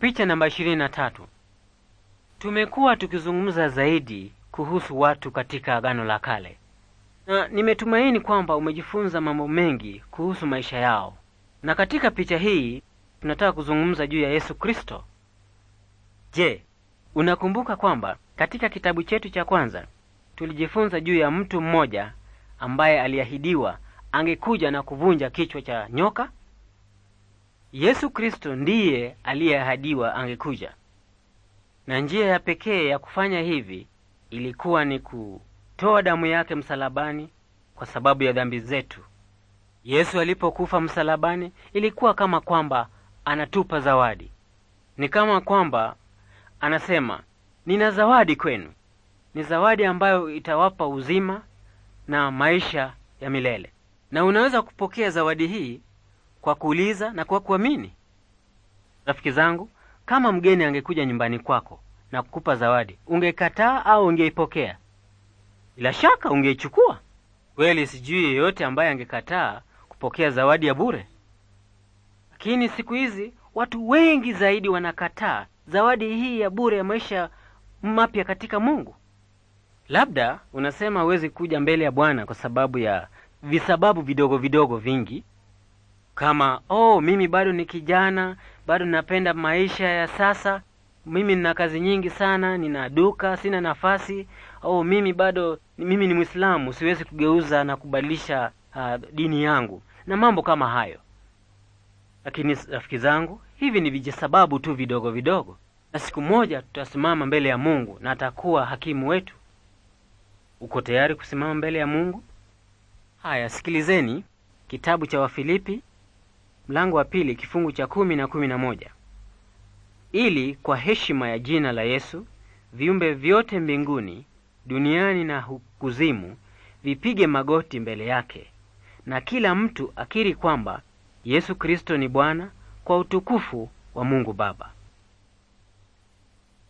Picha namba 23. Tumekuwa tukizungumza zaidi kuhusu watu katika Agano la Kale, na nimetumaini kwamba umejifunza mambo mengi kuhusu maisha yao, na katika picha hii tunataka kuzungumza juu ya Yesu Kristo. Je, unakumbuka kwamba katika kitabu chetu cha kwanza tulijifunza juu ya mtu mmoja ambaye aliahidiwa angekuja na kuvunja kichwa cha nyoka? Yesu Kristo ndiye aliyeahidiwa angekuja, na njia ya pekee ya kufanya hivi ilikuwa ni kutoa damu yake msalabani kwa sababu ya dhambi zetu. Yesu alipokufa msalabani, ilikuwa kama kwamba anatupa zawadi. Ni kama kwamba anasema, nina zawadi kwenu, ni zawadi ambayo itawapa uzima na maisha ya milele, na unaweza kupokea zawadi hii kwa kuuliza na kwa kuamini. Rafiki zangu, kama mgeni angekuja nyumbani kwako na kukupa zawadi, ungekataa au ungeipokea? Bila shaka ungeichukua. Kweli sijui yeyote ambaye angekataa kupokea zawadi ya bure. Lakini siku hizi watu wengi zaidi wanakataa zawadi hii ya bure ya maisha mapya katika Mungu. Labda unasema huwezi kuja mbele ya Bwana kwa sababu ya visababu vidogo vidogo vingi kama oh, mimi bado ni kijana, bado napenda maisha ya sasa, mimi nina kazi nyingi sana, nina duka, sina nafasi, oh, mimi bado mimi ni Mwislamu, siwezi kugeuza na kubadilisha uh, dini yangu na mambo kama hayo. Lakini rafiki zangu, hivi ni vijisababu tu vidogo vidogo, na siku moja tutasimama mbele ya Mungu na atakuwa hakimu wetu. Uko tayari kusimama mbele ya Mungu? Haya, sikilizeni kitabu cha Wafilipi mlango wa pili kifungu cha kumi na kumi na moja ili kwa heshima ya jina la Yesu viumbe vyote mbinguni, duniani na hukuzimu vipige magoti mbele yake, na kila mtu akiri kwamba Yesu Kristo ni Bwana, kwa utukufu wa Mungu Baba.